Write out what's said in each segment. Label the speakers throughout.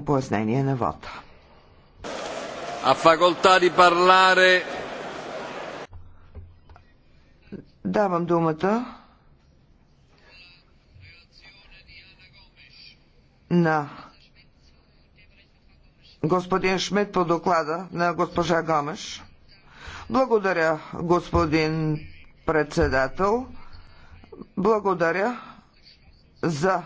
Speaker 1: пояснение на вод.
Speaker 2: А факулта ди парларе...
Speaker 1: Давам думата на господин Шмидт по доклада на госпожа Гомеш. Благодаря, господин председател. Благодаря за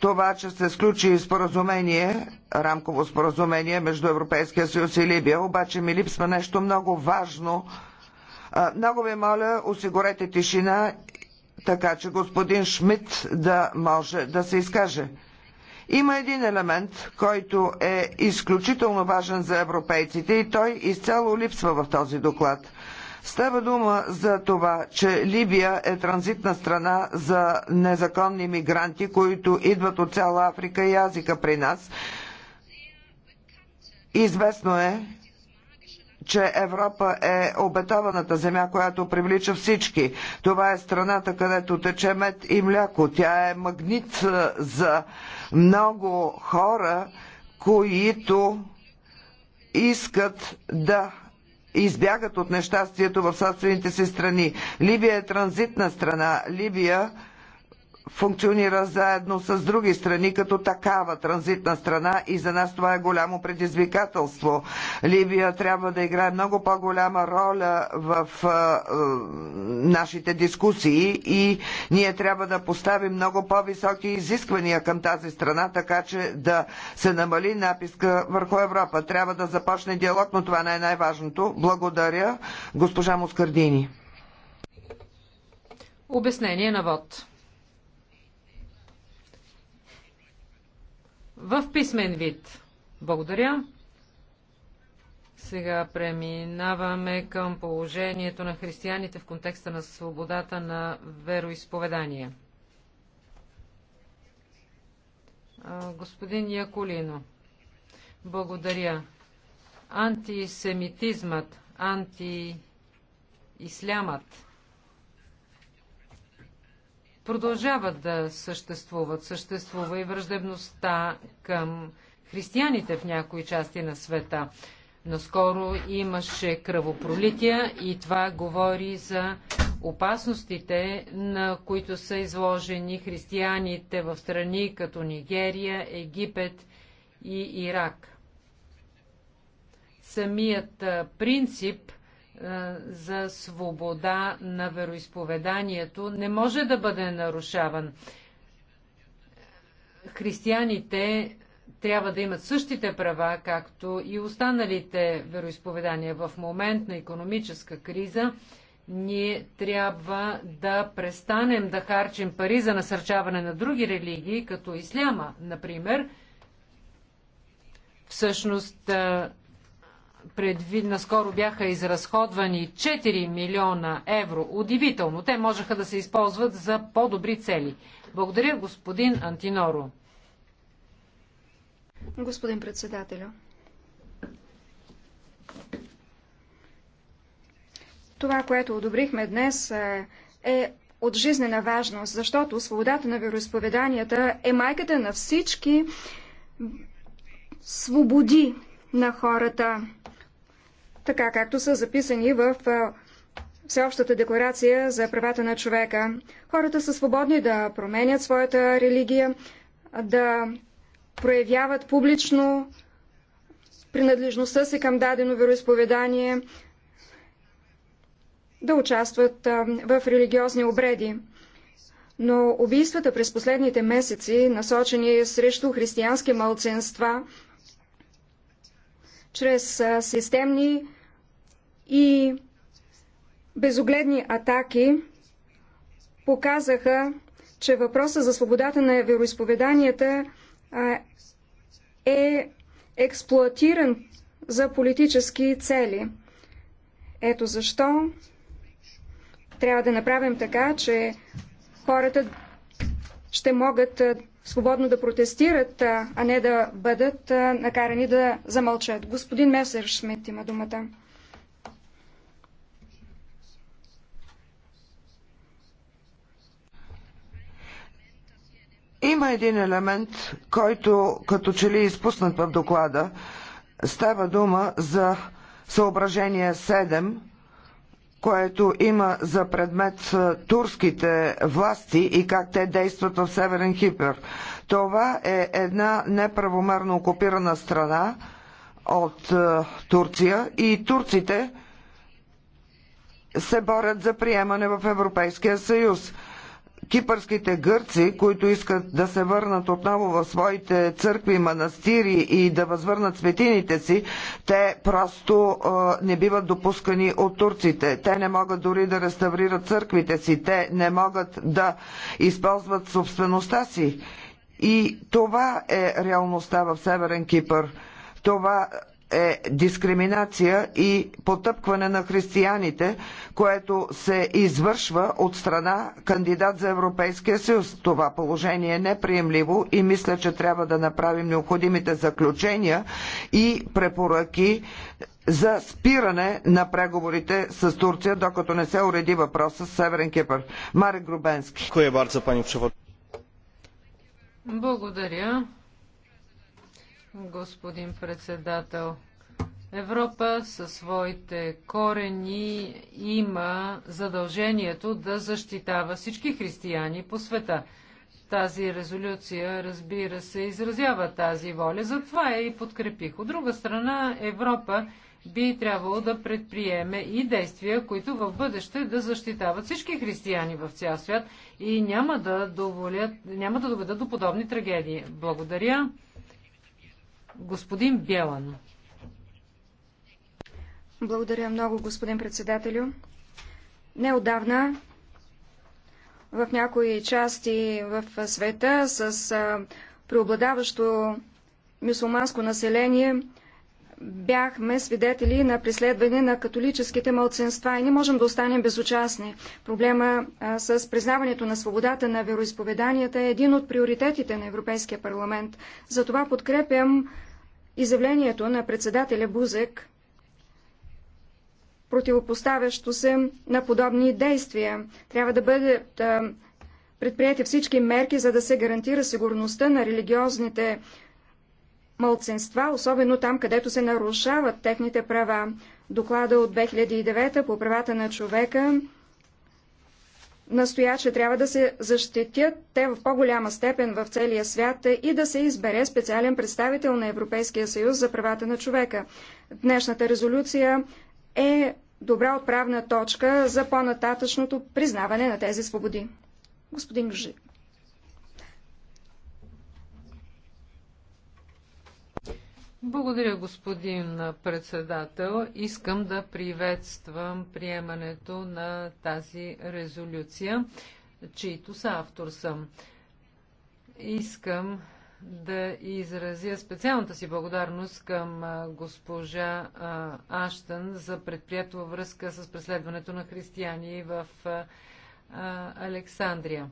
Speaker 1: това, че се сключи споразумение, рамково споразумение между Европейския съюз и Либия, обаче ми липсва нещо много важно. Много ви моля, осигурете тишина, така че господин Шмидт да може да се изкаже. Има един елемент, който е изключително важен за европейците и той изцяло липсва в този доклад – Става дума за това, че Либия е транзитна страна за незаконни мигранти, които идват от цяла Африка и Азика при нас. Известно е, че Европа е обетованата земя, която привлича всички. Това е страната, където тече мед и мляко. Тя е магнит за много хора, които искат да избягат от нещастието в собствените си страни. Либия е транзитна страна. Либия функционира заедно с други страни като такава транзитна страна и за нас това е голямо предизвикателство. Либия трябва да играе много по-голяма роля в а, а, нашите дискусии и ние трябва да поставим много по-високи изисквания към тази страна, така че да се намали написка върху Европа. Трябва да започне диалог, но това не е най-важното. Благодаря, госпожа Москардини.
Speaker 3: Обяснение на вод. в писмен вид. Благодаря. Сега преминаваме към положението на християните в контекста на свободата на вероисповедание. Господин Яколино, благодаря. Антисемитизмът, антиислямът продължават да съществуват. Съществува и враждебността към християните в някои части на света. Наскоро имаше кръвопролития и това говори за опасностите, на които са изложени християните в страни като Нигерия, Египет и Ирак. Самият принцип – е, за свобода на вероисповеданието не може да бъде нарушаван. Християните трябва да имат същите права, както и останалите вероисповедания. В момент на економическа криза ние трябва да престанем да харчим пари за насърчаване на други религии, като исляма, например. Всъщност, е, предвид, наскоро бяха изразходвани 4 милиона евро. Удивително, те можеха да се използват за по-добри цели. Благодаря, господин Антиноро.
Speaker 4: Господин председателя, Това, което одобрихме днес е, е от жизнена важност, защото свободата на вероисповеданията е майката на всички свободи на хората така както са записани в Всеобщата декларация за правата на човека. Хората са свободни да променят своята религия, да проявяват публично принадлежността си към дадено вероисповедание, да участват в религиозни обреди. Но убийствата през последните месеци, насочени срещу християнски мълценства, чрез системни и безогледни атаки показаха, че въпросът за свободата на вероисповеданията е експлуатиран за политически цели. Ето защо трябва да направим така, че хората ще могат свободно да протестират, а не да бъдат накарани да замълчат. Господин Шмет има думата.
Speaker 1: Има един елемент, който като че ли е изпуснат в доклада. Става дума за съображение 7, което има за предмет турските власти и как те действат в Северен Хипер. Това е една неправомерно окупирана страна от Турция и турците се борят за приемане в Европейския съюз кипърските гърци, които искат да се върнат отново в своите църкви, манастири и да възвърнат светините си, те просто не биват допускани от турците. Те не могат дори да реставрират църквите си, те не могат да използват собствеността си. И това е реалността в Северен Кипър. Това е дискриминация и потъпкване на християните, което се извършва от страна кандидат за Европейския съюз. Това положение е неприемливо и мисля, че трябва да направим необходимите заключения и препоръки за спиране на преговорите с Турция, докато не се уреди въпроса с Северен Кипър. Марек Грубенски.
Speaker 3: Благодаря господин председател. Европа със своите корени има задължението да защитава всички християни по света. Тази резолюция, разбира се, изразява тази воля, затова я и подкрепих. От друга страна, Европа би трябвало да предприеме и действия, които в бъдеще да защитават всички християни в цял свят и няма да, доволят, няма да доведат до подобни трагедии. Благодаря. Господин Белан.
Speaker 4: Благодаря много, господин председателю. Неодавна в някои части в света с преобладаващо мюсулманско население бяхме свидетели на преследване на католическите мълценства и не можем да останем безучастни. Проблема а, с признаването на свободата на вероисповеданията е един от приоритетите на Европейския парламент. Затова подкрепям изявлението на председателя Бузек, противопоставящо се на подобни действия. Трябва да бъдат предприяти всички мерки, за да се гарантира сигурността на религиозните мълценства, особено там, където се нарушават техните права. Доклада от 2009 по правата на човека настоя, че трябва да се защитят те в по-голяма степен в целия свят и да се избере специален представител на Европейския съюз за правата на човека. Днешната резолюция е добра отправна точка за по-нататъчното признаване на тези свободи. Господин Гжик.
Speaker 3: Благодаря, господин председател. Искам да приветствам приемането на тази резолюция, чието са автор съм. Искам да изразя специалната си благодарност към госпожа Аштън за предприятова връзка с преследването на християни в Александрия.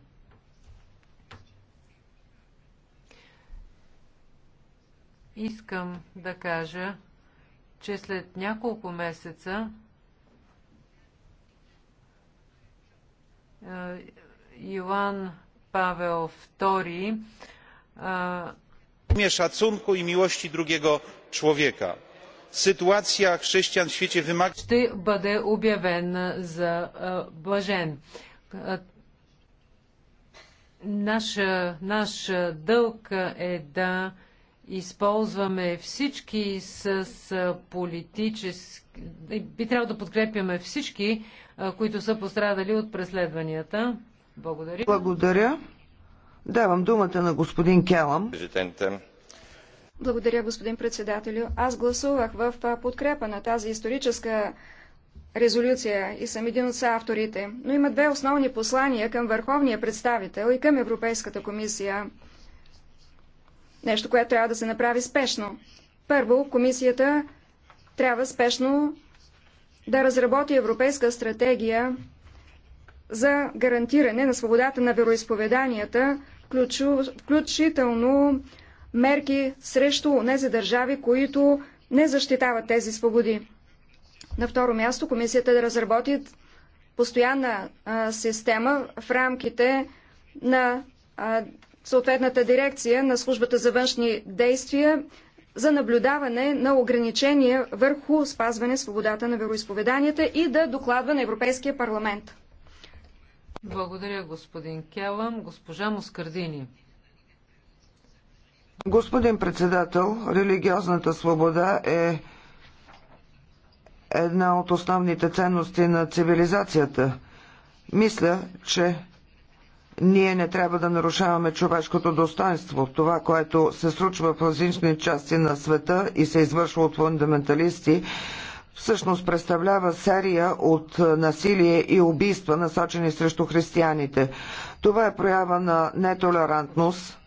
Speaker 3: Искам да кажа, че след няколко месеца е, Йоан Павел е,
Speaker 2: II szacunku i miłości drugiego człowieka. Sytuacja chrześcijan w świecie wymaga... ...ще бъде
Speaker 3: обявен за е, блажен. наш дълг е да използваме всички с политически... Би трябвало да подкрепяме всички, които са пострадали от преследванията. Благодаря. Благодаря.
Speaker 1: Давам думата на господин Келам.
Speaker 4: Благодаря, господин председателю. Аз гласувах в подкрепа на тази историческа резолюция и съм един от авторите, но има две основни послания към върховния представител и към Европейската комисия. Нещо, което трябва да се направи спешно. Първо, комисията трябва спешно да разработи европейска стратегия за гарантиране на свободата на вероисповеданията, включително мерки срещу тези държави, които не защитават тези свободи. На второ място комисията да разработи постоянна система в рамките на съответната дирекция на службата за външни действия за наблюдаване на ограничения върху спазване свободата на вероисповеданията и да докладва на Европейския парламент.
Speaker 3: Благодаря, господин Келъм. Госпожа Москардини.
Speaker 1: Господин председател, религиозната свобода е една от основните ценности на цивилизацията. Мисля, че ние не трябва да нарушаваме човешкото достоинство. Това, което се случва в различни части на света и се извършва от фундаменталисти, всъщност представлява серия от насилие и убийства, насочени срещу християните. Това е проява на нетолерантност,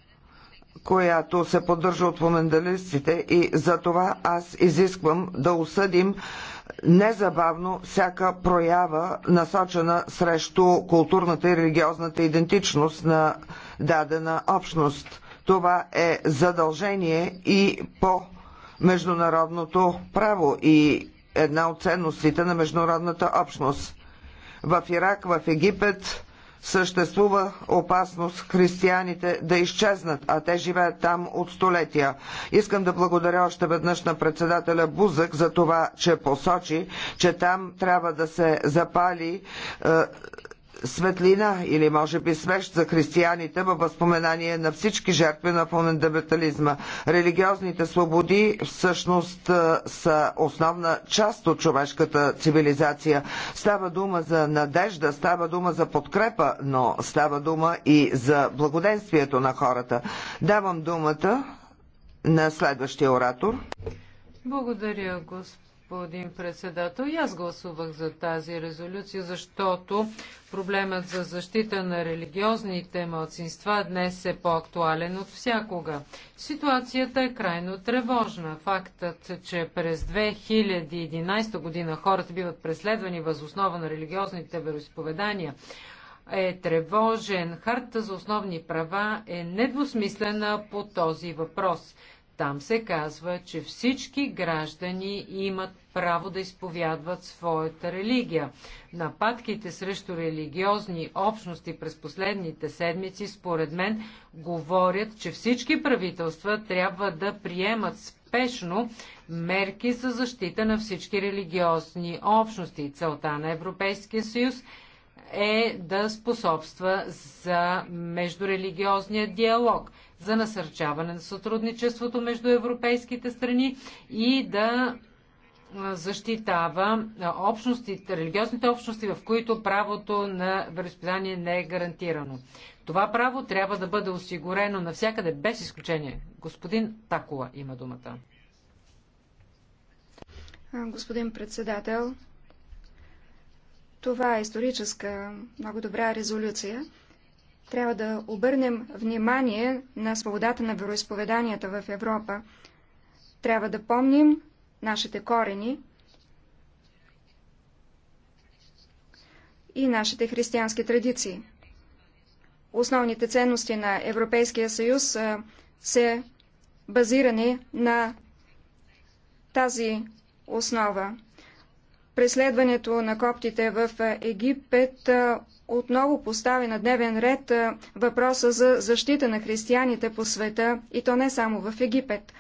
Speaker 1: която се поддържа от фундаменталистите и за това аз изисквам да осъдим незабавно всяка проява, насочена срещу културната и религиозната идентичност на дадена общност. Това е задължение и по международното право и една от ценностите на международната общност. В Ирак, в Египет, съществува опасност християните да изчезнат, а те живеят там от столетия. Искам да благодаря още веднъж на председателя Бузък за това, че посочи, че там трябва да се запали е, светлина или може би свещ за християните във възпоменание на всички жертви на фундаментализма. Религиозните свободи всъщност са основна част от човешката цивилизация. Става дума за надежда, става дума за подкрепа, но става дума и за благоденствието на хората. Давам думата на следващия оратор.
Speaker 3: Благодаря, господин господин председател. И аз гласувах за тази резолюция, защото проблемът за защита на религиозните мълцинства днес е по-актуален от всякога. Ситуацията е крайно тревожна. Фактът, че през 2011 година хората биват преследвани възоснова на религиозните вероисповедания, е тревожен. Харта за основни права е недвусмислена по този въпрос. Там се казва, че всички граждани имат право да изповядват своята религия. Нападките срещу религиозни общности през последните седмици, според мен, говорят, че всички правителства трябва да приемат спешно мерки за защита на всички религиозни общности. Целта на Европейския съюз е да способства за междурелигиозния диалог за насърчаване на сътрудничеството между европейските страни и да защитава общностите, религиозните общности, в които правото на вероисповедание не е гарантирано. Това право трябва да бъде осигурено навсякъде, без изключение. Господин Такова има думата.
Speaker 4: Господин председател, това е историческа, много добра резолюция. Трябва да обърнем внимание на свободата на вероисповеданията в Европа. Трябва да помним нашите корени и нашите християнски традиции. Основните ценности на Европейския съюз се базирани на тази основа. Преследването на коптите в Египет отново постави на дневен ред въпроса за защита на християните по света, и то не само в Египет.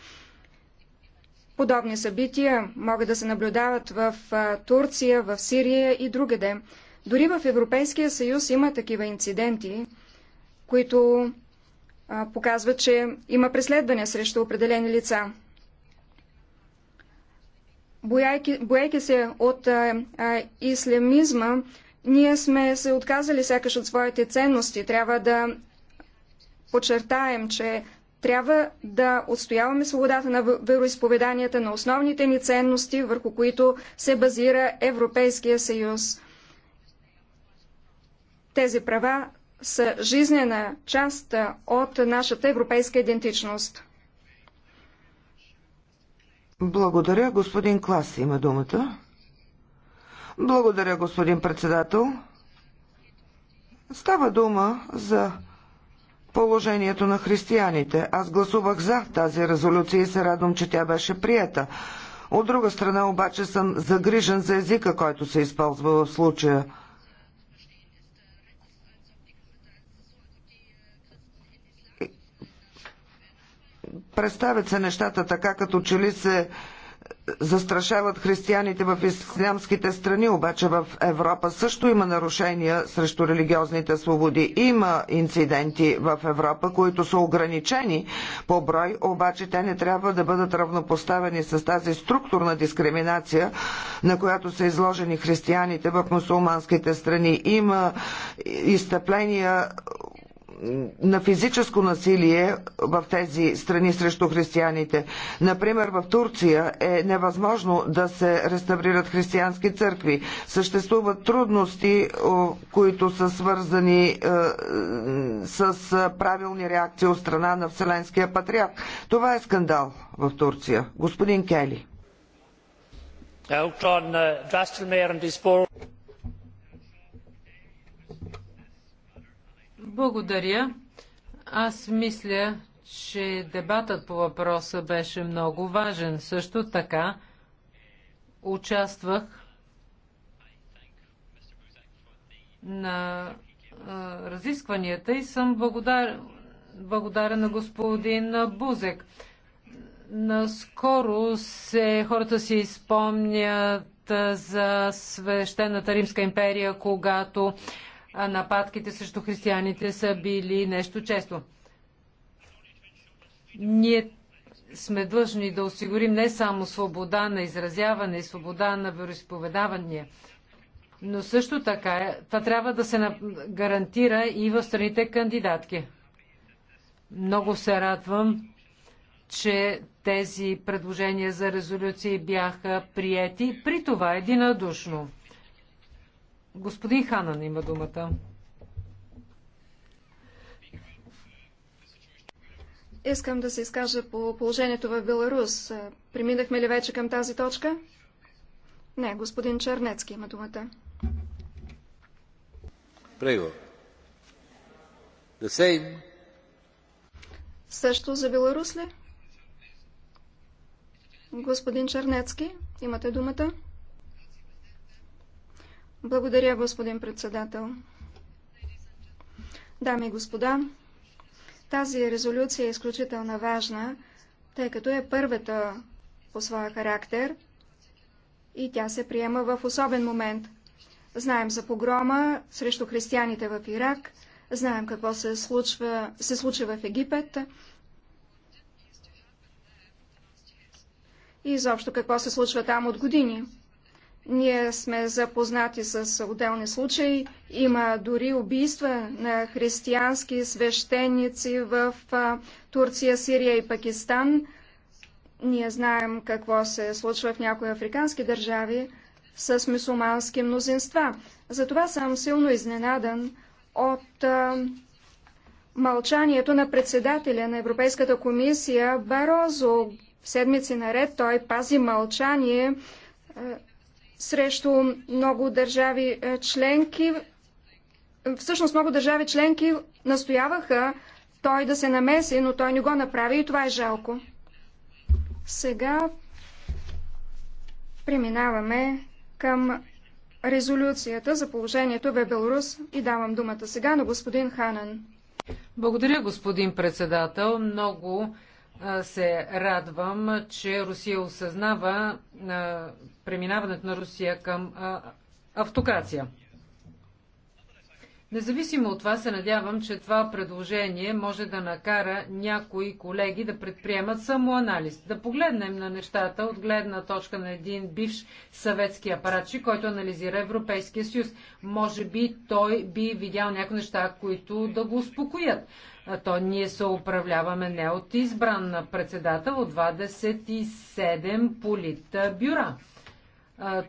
Speaker 4: Подобни събития могат да се наблюдават в Турция, в Сирия и другаде. Дори в Европейския съюз има такива инциденти, които показват, че има преследване срещу определени лица. Бояйки, бояйки се от а, а, ислямизма, ние сме се отказали сякаш от своите ценности. Трябва да подчертаем, че трябва да отстояваме свободата на вероисповеданията, на основните ни ценности, върху които се базира Европейския съюз. Тези права са жизнена част от нашата европейска идентичност.
Speaker 1: Благодаря. Господин Клас има думата. Благодаря, господин председател. Става дума за положението на християните. Аз гласувах за тази резолюция и се радвам, че тя беше прията. От друга страна обаче съм загрижен за езика, който се използва в случая. Представят се нещата така, като че ли се застрашават християните в ислямските страни, обаче в Европа също има нарушения срещу религиозните свободи. Има инциденти в Европа, които са ограничени по брой, обаче те не трябва да бъдат равнопоставени с тази структурна дискриминация, на която са изложени християните в мусулманските страни. Има изтъпления на физическо насилие в тези страни срещу християните. Например, в Турция е невъзможно да се реставрират християнски църкви. Съществуват трудности, които са свързани е, с е, правилни реакции от страна на Вселенския патриарх. Това е скандал в Турция. Господин Кели.
Speaker 3: Uh, Благодаря. Аз мисля, че дебатът по въпроса беше много важен. Също така участвах на а, разискванията и съм благодар... благодарен на господин Бузек. Наскоро се, хората си изпомнят за свещената Римска империя, когато нападките срещу християните са били нещо често. Ние сме длъжни да осигурим не само свобода на изразяване и свобода на вероисповедавания, но също така е, това трябва да се гарантира и в страните кандидатки. Много се радвам, че тези предложения за резолюции бяха приети при това единодушно. Господин Ханан има думата.
Speaker 4: Искам да се изкажа по положението в Беларус. Преминахме ли вече към тази точка? Не, господин Чернецки има думата.
Speaker 2: Прего. The same.
Speaker 4: Също за Беларус ли? Господин Чернецки, имате думата. Благодаря, господин председател. Дами и господа, тази резолюция е изключително важна, тъй като е първата по своя характер и тя се приема в особен момент. Знаем за погрома срещу християните в Ирак, знаем какво се, случва, се случва в Египет и изобщо какво се случва там от години. Ние сме запознати с отделни случаи. Има дори убийства на християнски свещеници в Турция, Сирия и Пакистан. Ние знаем какво се случва в някои африкански държави с мусулмански мнозинства. Затова съм силно изненадан от мълчанието на председателя на Европейската комисия Барозо. Седмици наред той пази мълчание срещу много държави е, членки. Всъщност много държави членки настояваха той да се намеси, но той не го направи и това е жалко. Сега преминаваме към резолюцията за положението в Беларус и давам думата сега на господин Ханан.
Speaker 3: Благодаря, господин председател. Много се радвам, че Русия осъзнава преминаването на Русия към автокрация. Независимо от това се надявам, че това предложение може да накара някои колеги да предприемат самоанализ, да погледнем на нещата от гледна точка на един бивш съветски апаратчи, който анализира Европейския съюз. Може би той би видял някои неща, които да го успокоят. А то ние се управляваме не от избран на председател, от 27 политбюра. бюра.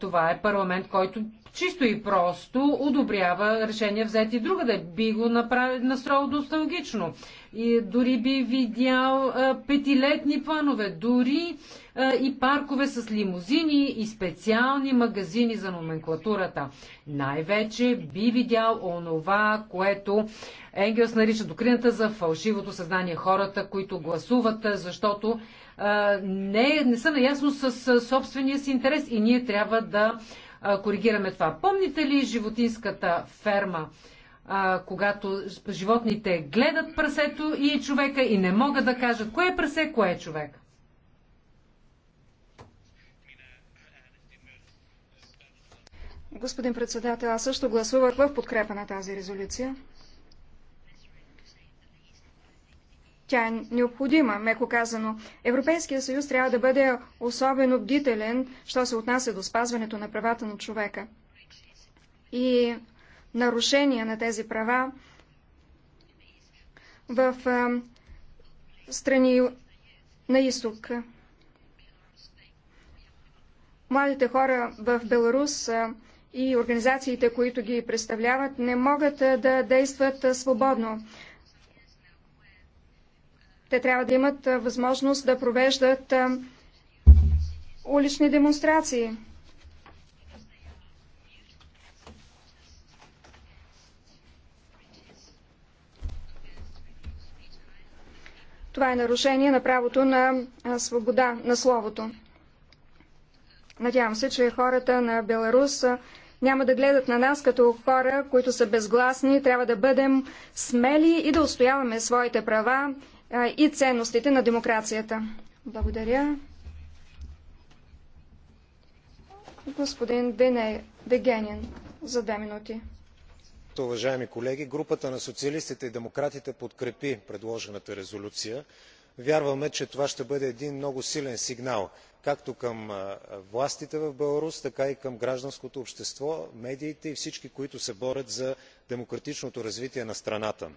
Speaker 3: Това е парламент, който чисто и просто одобрява решения взети друга да би го направил настроил досталгично. И дори би видял а, петилетни планове, дори а, и паркове с лимузини и специални магазини за номенклатурата. Най-вече би видял онова, което Енгелс нарича докрината за фалшивото съзнание. Хората, които гласуват, защото а, не, не са наясно с, с собствения си интерес и ние трябва да коригираме това. Помните ли животинската ферма? а, когато животните гледат прасето и човека и не могат да кажат кое е прасе, кое е човек.
Speaker 4: Господин председател, аз също гласувах в подкрепа на тази резолюция. Тя е необходима, меко казано. Европейския съюз трябва да бъде особено бдителен, що се отнася до спазването на правата на човека. И нарушения на тези права в страни на изток. Младите хора в Беларус и организациите, които ги представляват, не могат да действат свободно. Те трябва да имат възможност да провеждат улични демонстрации. Това е нарушение на правото на свобода на словото. Надявам се, че хората на Беларус няма да гледат на нас като хора, които са безгласни. Трябва да бъдем смели и да устояваме своите права и ценностите на демокрацията. Благодаря. Господин Бене, Дегенин, за две минути.
Speaker 2: Уважаеми колеги, групата на социалистите и демократите подкрепи предложената резолюция. Вярваме, че това ще бъде един много силен сигнал както към властите в беларус така и към гражданското общество медиите и всички които се борят за демократичното развитие на страната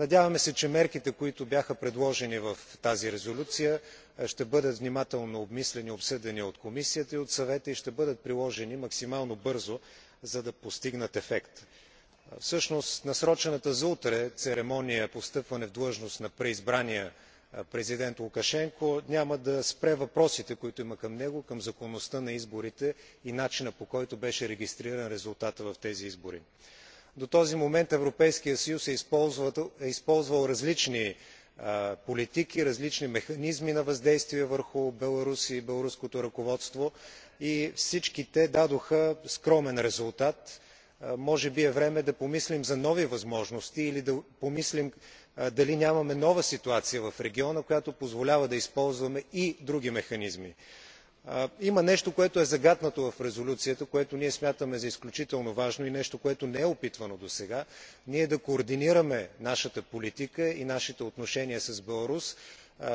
Speaker 2: надяваме се че мерките които бяха предложени в тази резолюция ще бъдат внимателно обмислени и обсъдени от комисията и от съвета и ще бъдат приложени максимално бързо за да постигнат ефект. всъщност насрочената за утре церемония по встъпване в длъжност на преизбрания президент лукашенко няма да спре въпросите които има към него към законността на изборите и начина по който беше регистриран резултатът в тези избори до този момент европейският съюз е, е използвал различни политики различни механизми на въздействие върху беларус и беларуското ръководство и всички те дадоха скромен резултат. може би е време да помислим за нови възможности или да помислим дали нямаме нова ситуация в региона която позволява да използваме и други механизми има нещо което е загатнато в резолюцията което ние смятаме за изключително важно и нещо което не е опитвано досега ние да координираме нашата политика и нашите отношения с беларус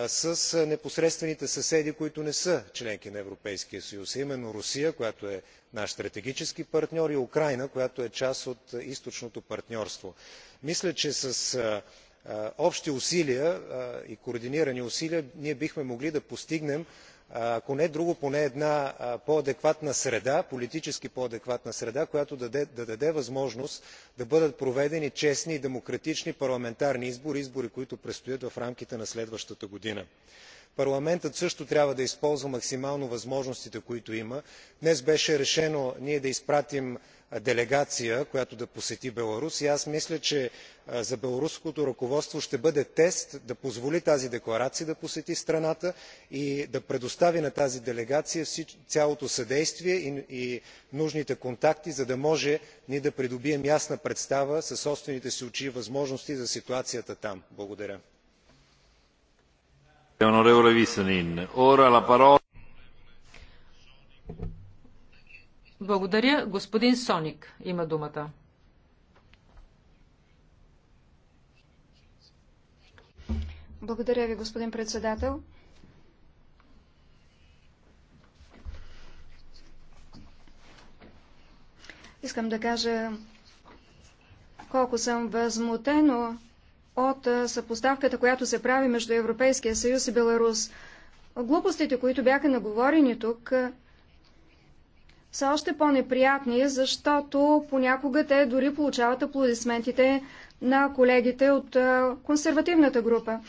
Speaker 2: с непосредствените съседи които не са членки на европейския съюз а именно русия която е наш стратегически партньор и украйна която е част от източното партньорство. мисля че с общи и координирани усилия ние бихме могли да постигнем ако не друго поне една по адекватна среда политически по адекватна среда която да даде възможност да бъдат проведени честни и демократични парламентарни избори избори които предстоят в рамките на следващата година. парламентът също трябва да използва максимално възможностите които има. днес беше решено ние да изпратим делегация която да посети беларус и аз мисля че за беларуското ръководство ще бъде тест да позволи тази декларация да посети страната и да предостави на тази делегация цялото съдействие и нужните контакти за да може ние да придобием ясна представа със собствените си очи и възможности за ситуацията там. благодаря.
Speaker 3: Благодаря. Господин Соник
Speaker 4: има думата. Благодаря ви, господин председател. Искам да кажа колко съм възмутено от съпоставката, която се прави между Европейския съюз и Беларус. Глупостите, които бяха наговорени тук, са още по-неприятни, защото понякога те дори получават аплодисментите на колегите от консервативната група.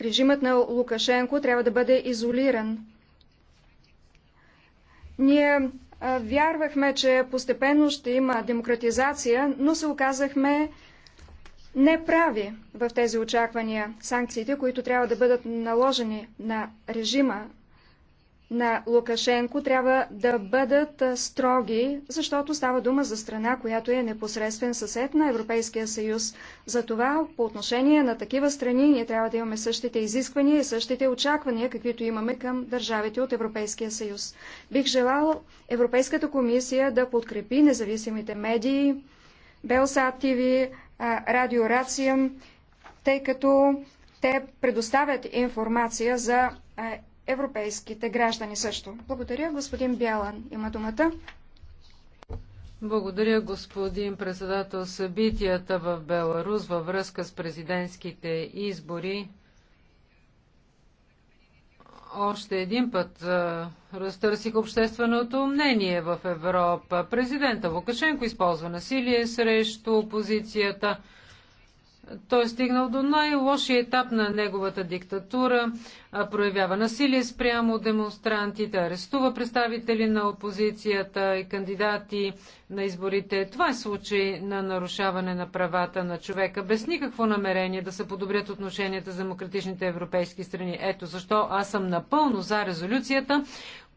Speaker 4: Режимът на Лукашенко трябва да бъде изолиран. Ние вярвахме, че постепенно ще има демократизация, но се оказахме неправи в тези очаквания. Санкциите, които трябва да бъдат наложени на режима на Лукашенко трябва да бъдат строги, защото става дума за страна, която е непосредствен съсед на Европейския съюз. Затова по отношение на такива страни ние трябва да имаме същите изисквания и същите очаквания, каквито имаме към държавите от Европейския съюз. Бих желал Европейската комисия да подкрепи независимите медии, Белсат ТВ, Радио Рациям, тъй като те предоставят информация за европейските граждани също. Благодаря, господин Бялан. Има думата.
Speaker 3: Благодаря, господин председател. Събитията в Беларус във връзка с президентските избори още един път разтърсих общественото мнение в Европа. Президента Лукашенко използва насилие срещу опозицията. Той е стигнал до най-лошия етап на неговата диктатура, проявява насилие спрямо демонстрантите, арестува представители на опозицията и кандидати на изборите. Това е случай на нарушаване на правата на човека, без никакво намерение да се подобрят отношенията с демократичните европейски страни. Ето защо аз съм напълно за резолюцията,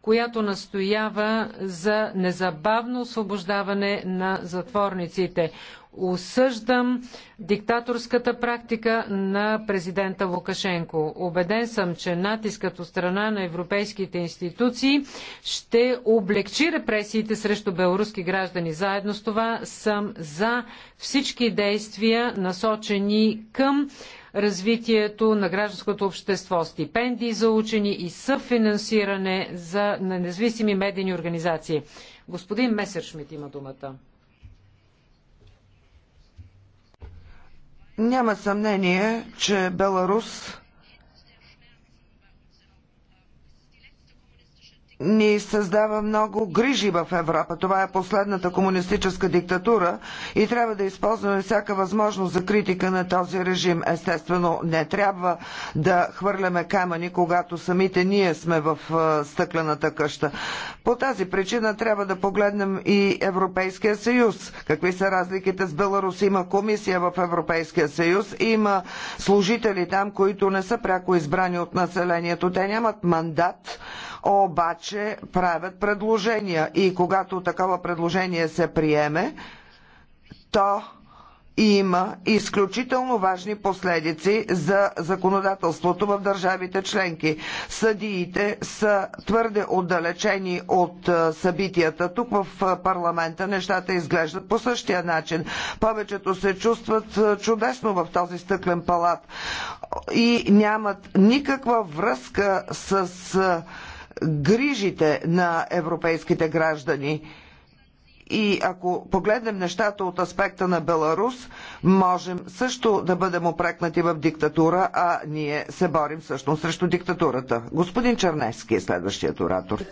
Speaker 3: която настоява за незабавно освобождаване на затворниците осъждам диктаторската практика на президента Лукашенко. Обеден съм, че натискът от страна на европейските институции ще облегчи репресиите срещу белоруски граждани. Заедно с това съм за всички действия насочени към развитието на гражданското общество, стипендии за учени и съфинансиране за, независими медийни организации. Господин Месершмит има думата.
Speaker 1: Няма съмнение, че Беларус ни създава много грижи в Европа. Това е последната комунистическа диктатура и трябва да използваме всяка възможност за критика на този режим. Естествено, не трябва да хвърляме камъни, когато самите ние сме в стъклената къща. По тази причина трябва да погледнем и Европейския съюз. Какви са разликите с Беларус? Има комисия в Европейския съюз, има служители там, които не са пряко избрани от населението. Те нямат мандат обаче правят предложения и когато такова предложение се приеме, то има изключително важни последици за законодателството в държавите членки. Съдиите са твърде отдалечени от събитията. Тук в парламента нещата изглеждат по същия начин. Повечето се чувстват чудесно в този стъклен палат и нямат никаква връзка с грижите на европейските граждани. И ако погледнем нещата от аспекта на Беларус, можем също да бъдем опрекнати в диктатура, а ние се борим също срещу диктатурата. Господин Чернески е следващият оратор.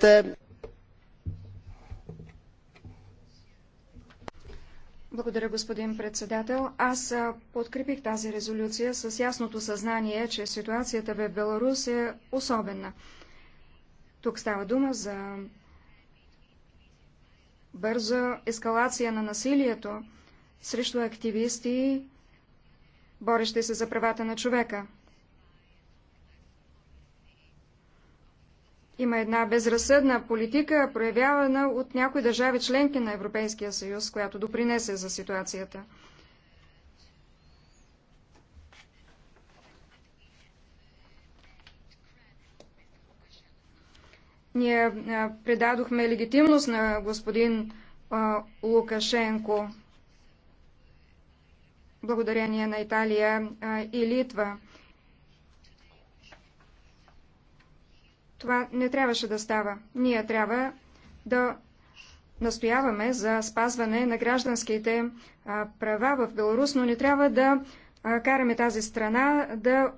Speaker 4: Благодаря, господин председател. Аз подкрепих тази резолюция с ясното съзнание, че ситуацията в Беларус е особена. Тук става дума за бърза ескалация на насилието срещу активисти, борещи се за правата на човека. Има една безразсъдна политика, проявявана от някои държави членки на Европейския съюз, която допринесе за ситуацията. Ние предадохме легитимност на господин Лукашенко благодарение на Италия и Литва. Това не трябваше да става. Ние трябва да настояваме за спазване на гражданските права в Беларус, но не трябва да караме тази страна да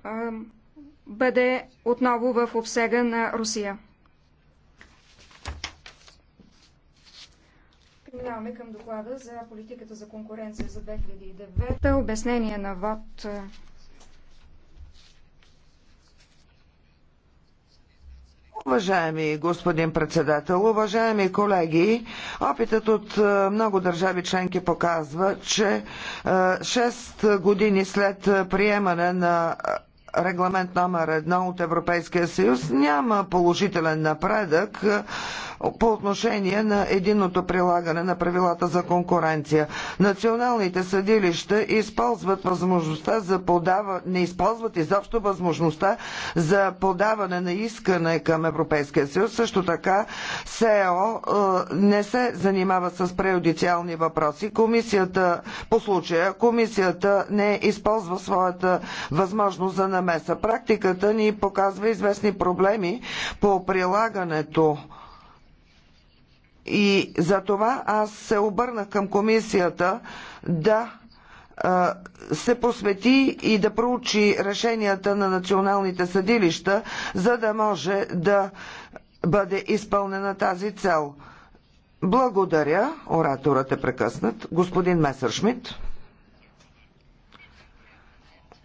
Speaker 4: бъде отново в обсега на Русия. Преминаваме към доклада за политиката за конкуренция за 2009. Обяснение на ВОД.
Speaker 1: Уважаеми господин председател, уважаеми колеги, опитът от е, много държави членки показва, че 6 е, години след приемане на регламент номер едно от Европейския съюз няма положителен напредък е, по отношение на единното прилагане на правилата за конкуренция. Националните съдилища използват възможността за подава... не използват изобщо възможността за подаване на искане към Европейския съюз. Също така СЕО е, не се занимава с преюдициални въпроси. Комисията по случая, комисията не използва своята възможност за намеса. Практиката ни показва известни проблеми по прилагането и за това аз се обърнах към комисията да се посвети и да проучи решенията на националните съдилища, за да може да бъде изпълнена тази цел. Благодаря. Ораторът е прекъснат. Господин Месършмит.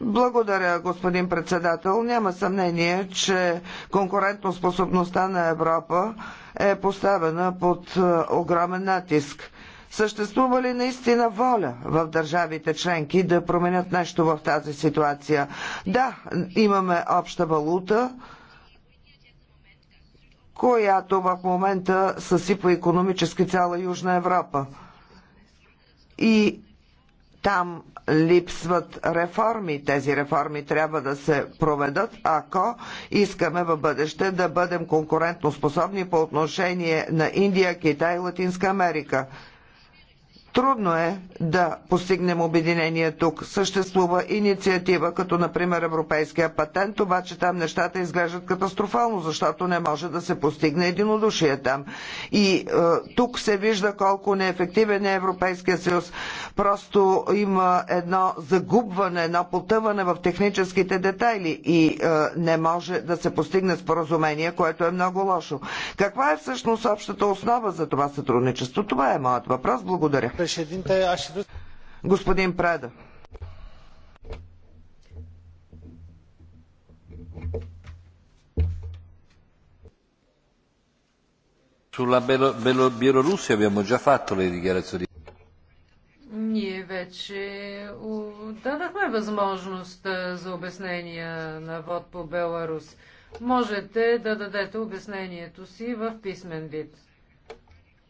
Speaker 1: Благодаря, господин председател. Няма съмнение, че конкурентоспособността на Европа е поставена под е, огромен натиск. Съществува ли наистина воля в държавите членки да променят нещо в тази ситуация? Да, имаме обща валута, която в момента съсипва економически цяла Южна Европа. И там липсват реформи. Тези реформи трябва да се проведат, ако искаме в бъдеще да бъдем конкурентоспособни по отношение на Индия, Китай и Латинска Америка. Трудно е да постигнем обединение тук. Съществува инициатива, като например Европейския патент, обаче там нещата изглеждат катастрофално, защото не може да се постигне единодушие там. И е, тук се вижда колко неефективен е Европейския съюз. Просто има едно загубване, едно потъване в техническите детайли и е, не може да се постигне споразумение, което е много лошо. Каква е всъщност общата основа за това сътрудничество? Това е моят въпрос. Благодаря. Господин Преда.
Speaker 2: Sulla Bielorussia abbiamo già fatto le dichiarazioni.
Speaker 3: Ние вече дадахме възможност за обяснение на вод по Беларус. Можете да дадете обяснението си в писмен вид.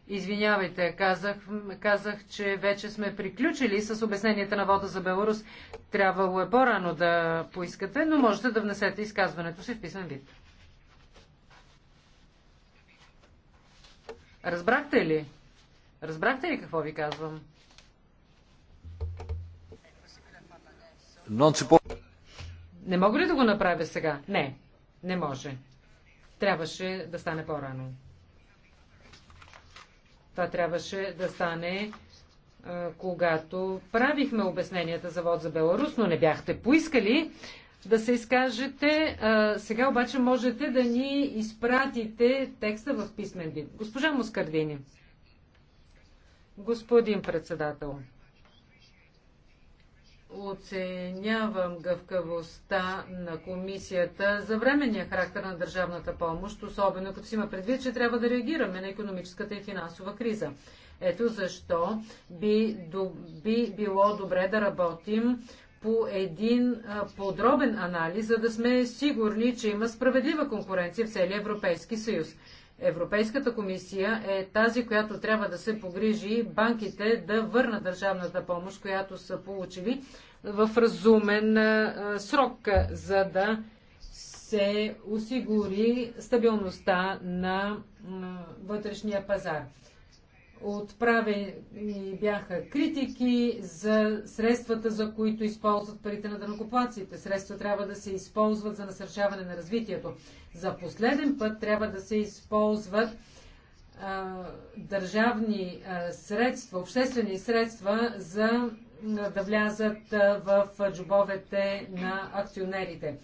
Speaker 3: Извинявайте, казах, казах, че вече сме приключили с обясненията на вода за Беларус. Трябвало е по-рано да поискате, но можете да внесете изказването си в писан вид. Разбрахте ли? Разбрахте ли какво ви казвам? Не мога ли да го направя сега? Не, не може. Трябваше да стане по-рано. Това трябваше да стане когато правихме обясненията за вод за Беларус, но не бяхте поискали да се изкажете. Сега обаче можете да ни изпратите текста в писмен вид. Госпожа Москардини. Господин председател. Оценявам гъвкавостта на комисията за временния характер на държавната помощ, особено като си има предвид, че трябва да реагираме на економическата и финансова криза. Ето защо би, до, би било добре да работим по един а, подробен анализ, за да сме сигурни, че има справедлива конкуренция в целия Европейски съюз. Европейската комисия е тази, която трябва да се погрижи банките да върнат държавната помощ, която са получили в разумен срок, за да се осигури стабилността на вътрешния пазар. Отправени бяха критики за средствата, за които използват парите на дънокоплаците. Средства трябва да се използват за насърчаване на развитието. За последен път трябва да се използват а, държавни а, средства, обществени средства, за а, да влязат а, в джобовете на акционерите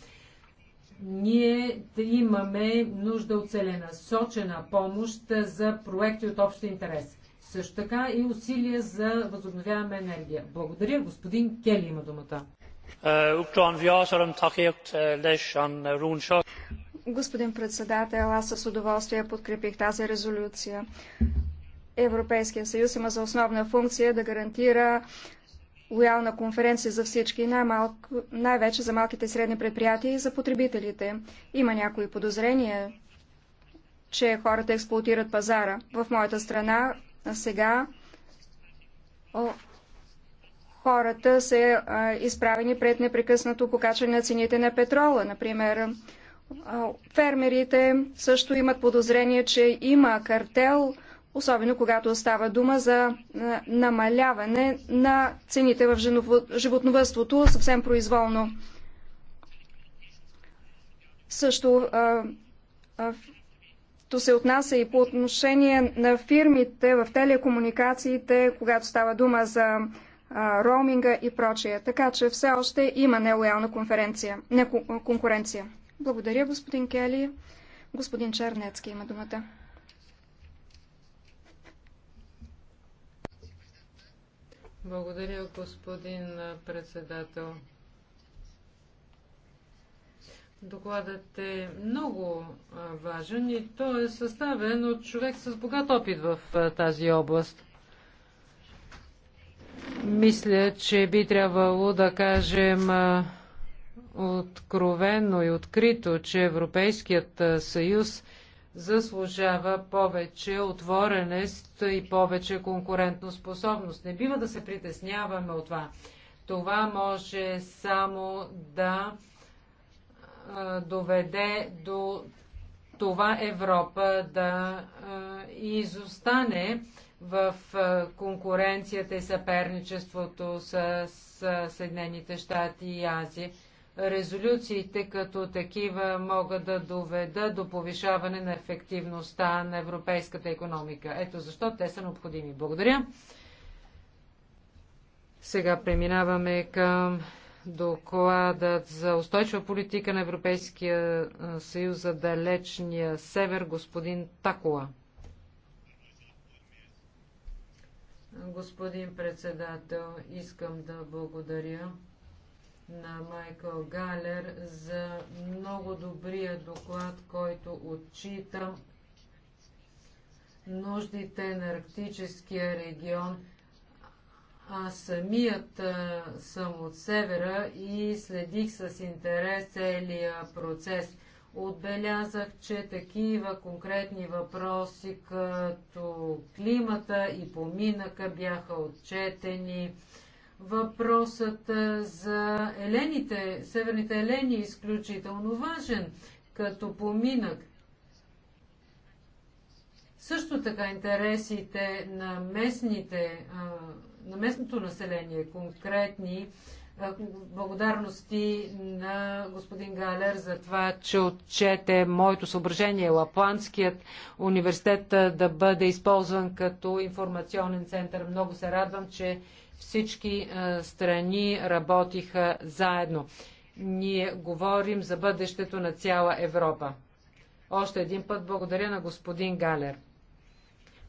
Speaker 3: ние имаме нужда от целенасочена помощ за проекти от общ интерес също така и усилия за възобновяема енергия. Благодаря. Господин Кели има думата.
Speaker 4: Е, Господин председател, аз с удоволствие подкрепих тази резолюция. Европейския съюз има за основна функция да гарантира лоялна конференция за всички, най-вече най за малките и средни предприятия и за потребителите. Има някои подозрения, че хората експлуатират пазара. В моята страна а сега о, хората са а, изправени пред непрекъснато покачване на цените на петрола, например. А, фермерите също имат подозрение, че има картел, особено когато става дума за намаляване на цените в животновътството съвсем произволно. Също а, а, Същото се отнася и по отношение на фирмите в телекомуникациите, когато става дума за а, роуминга и прочие. Така че все още има нелоялна конференция, не, конкуренция. Благодаря, господин Кели. Господин Чернецки има думата.
Speaker 3: Благодаря, господин председател. Докладът е много важен и той е съставен от човек с богат опит в тази област. Мисля, че би трябвало да кажем откровенно и открито, че Европейският съюз заслужава повече отвореност и повече конкурентно способност. Не бива да се притесняваме от това. Това може само да доведе до това Европа да изостане в конкуренцията и съперничеството с Съединените щати и Азия. Резолюциите като такива могат да доведат до повишаване на ефективността на европейската економика. Ето защо те са необходими. Благодаря. Сега преминаваме към докладът за устойчива политика на Европейския съюз за далечния север, господин Такова. Господин председател, искам да благодаря на Майкъл Галер за много добрия доклад, който отчита нуждите на арктическия регион – аз самият съм от севера и следих с интерес целия процес. Отбелязах, че такива конкретни въпроси като климата и поминъка бяха отчетени. Въпросът за елените, северните елени е изключително важен като поминък. Също така интересите на местните а, на местното население, конкретни благодарности на господин Галер за това, че отчете моето съображение Лапландският университет да бъде използван като информационен център. Много се радвам, че всички страни работиха заедно. Ние говорим за бъдещето на цяла Европа. Още един път благодаря на господин Галер.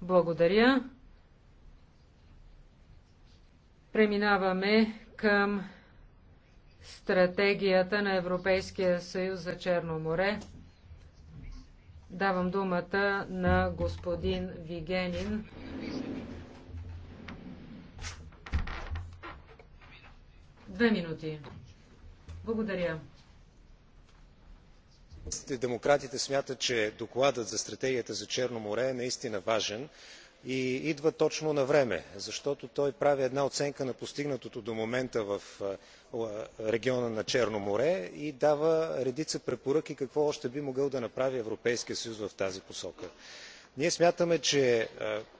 Speaker 3: Благодаря. Преминаваме към стратегията на Европейския съюз за Черно море. Давам думата на господин Вигенин. Две минути. Благодаря.
Speaker 2: Демократите смятат, че докладът за стратегията за Черно море е наистина важен, и идва точно навреме защото той прави една оценка на постигнатото до момента в региона на черно море и дава редица препоръки какво още би могъл да направи европейският съюз в тази посока. ние смятаме че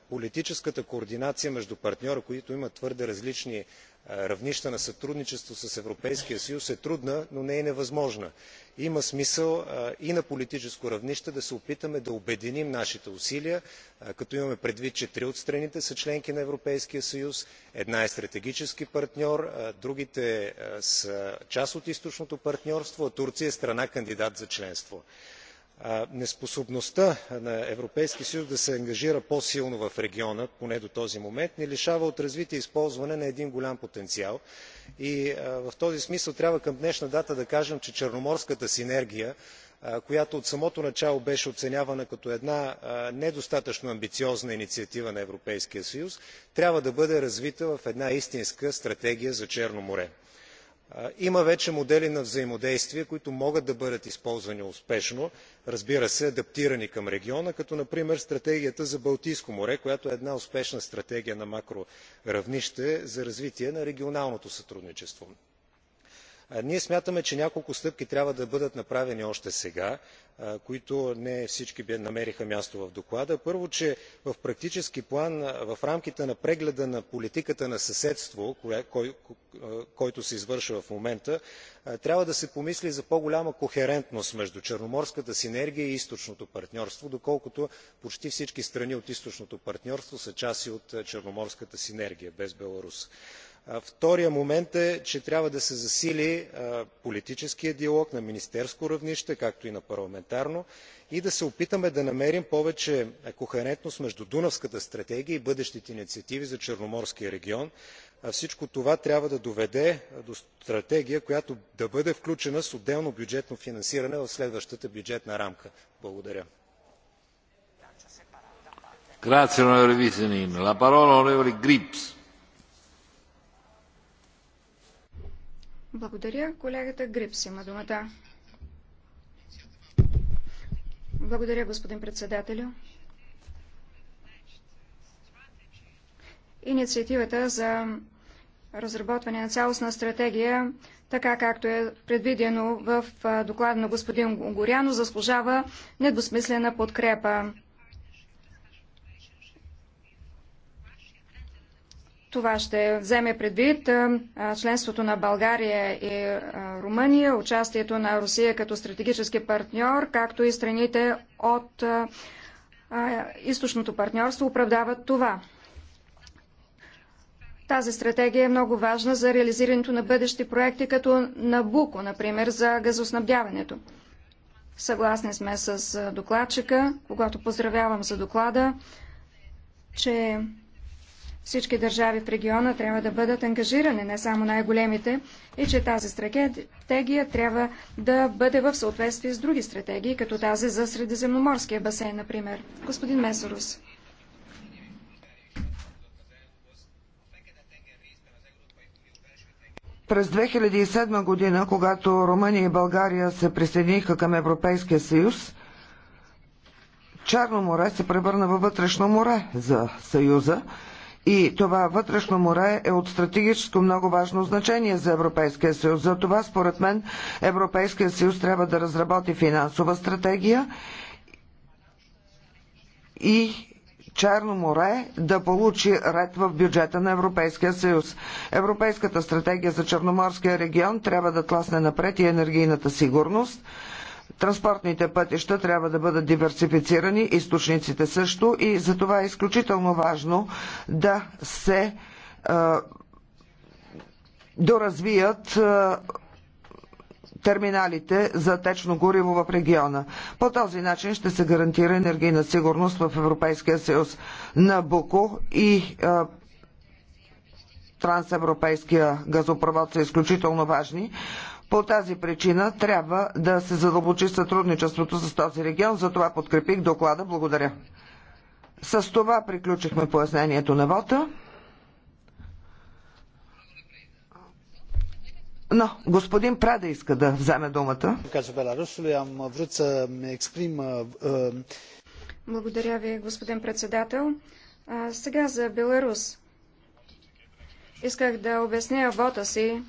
Speaker 2: политическата координация между партньори които имат твърде различни равнища на сътрудничество с европейския съюз е трудна но не и е невъзможна. има смисъл и на политическо равнище да се опитаме да обединим нашите усилия като имаме предвид че три от страните са членки на европейския съюз една е стратегически партньор другите са част от източното партньорство а турция е страна кандидат за членство неспособността на европейския съюз да се ангажира по силно в региона поне до този момент ни лишава от развитие и използване на един голям потенциал и в този смисъл трябва към днешна дата да кажем че черноморската синергия която от самото начало беше оценявана като една недостатъчно амбициозна инициатива на европейския съюз трябва да бъде развита в една истинска стратегия за черно море има вече модели на взаимодействие които могат да бъдат използвани успешно разбира се адаптирани към региона като например стратегията за балтийско море която е една успешна стратегия на макроравнище за развитие на регионалното сътрудничество ние смятаме че няколко стъпки трябва да бъдат направени още сега които не всички намериха място в доклада. първо че в практически план в рамките на прегледа на политиката на съседство който се извършва в момента трябва да се помисли за по голяма кохерентност между черноморската синергия и източното партньорство доколкото почти всички страни от източното партньорство са част от черноморската синергия без беларус вторият момент е че трябва да се засили политическият диалог на министерско равнище както и на парламентарно и да се опитаме да намерим повече кохерентност между дунавската стратегия и бъдещите инициативи за черноморския регион. всичко това трябва да доведе до стратегия която да бъде включена с отделно бюджетно финансиране в следващата бюджетна рамка. благодаря.
Speaker 4: Благодаря. Колегата Грипс има думата. Благодаря, господин председателю. Инициативата за разработване на цялостна стратегия, така както е предвидено в доклада на господин Горяно, заслужава недосмислена подкрепа. Това ще вземе предвид членството на България и Румъния, участието на Русия като стратегически партньор, както и страните от източното партньорство оправдават това. Тази стратегия е много важна за реализирането на бъдещи проекти, като Набуко, например, за газоснабдяването. Съгласни сме с докладчика, когато поздравявам за доклада, че всички държави в региона трябва да бъдат ангажирани, не само най-големите, и че тази стратегия трябва да бъде в съответствие с други стратегии, като тази за Средиземноморския басейн, например. Господин Месорус.
Speaker 1: През 2007 година, когато Румъния и България се присъединиха към Европейския съюз, Черно море се превърна във вътрешно море за Съюза и това вътрешно море е от стратегическо много важно значение за Европейския съюз. За това, според мен, Европейския съюз трябва да разработи финансова стратегия и Черно море да получи ред в бюджета на Европейския съюз. Европейската стратегия за Черноморския регион трябва да тласне напред и енергийната сигурност – Транспортните пътища трябва да бъдат диверсифицирани, източниците също и за това е изключително важно да се е, доразвият е, терминалите за течно гориво в региона. По този начин ще се гарантира енергийна сигурност в Европейския съюз. на Буко и е, трансевропейския газопровод са изключително важни. По тази причина трябва да се задълбочи сътрудничеството с този регион, затова подкрепих доклада. Благодаря. С това приключихме пояснението на вота. Но господин Прада иска да вземе думата.
Speaker 4: Благодаря ви, господин председател. А, сега за Беларус. Исках да обясня вота си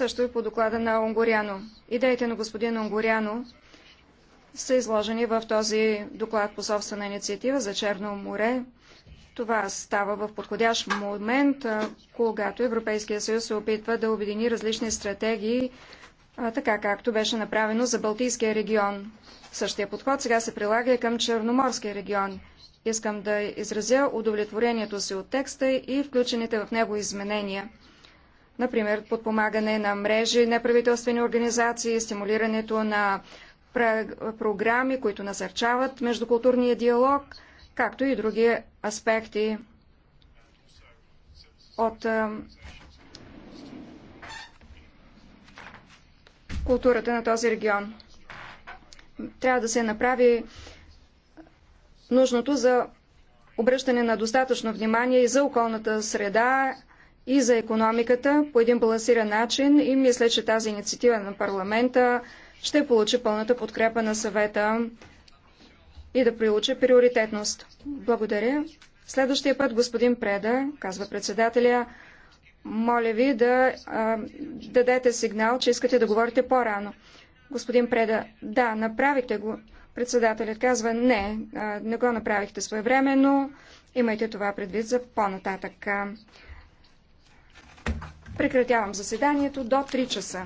Speaker 4: също и по доклада на Онгоряно. Идеите на господин Онгоряно са изложени в този доклад по собствена инициатива за Черно море. Това става в подходящ момент, когато Европейския съюз се опитва да обедини различни стратегии, така както беше направено за Балтийския регион. Същия подход сега се прилага и към Черноморския регион. Искам да изразя удовлетворението си от текста и включените в него изменения например подпомагане на мрежи, неправителствени организации, стимулирането на програми, които насърчават междукултурния диалог, както и други аспекти от културата на този регион. Трябва да се направи нужното за обръщане на достатъчно внимание и за околната среда, и за економиката по един балансиран начин и мисля, че тази инициатива на парламента ще получи пълната подкрепа на съвета и да приучи приоритетност. Благодаря. Следващия път, господин Преда, казва председателя, моля ви да а, дадете сигнал, че искате да говорите по-рано. Господин Преда, да, направихте го. Председателят казва, не, а, не го направихте своевременно. Имайте това предвид за по-нататък. Прекратявам заседанието до 3 часа.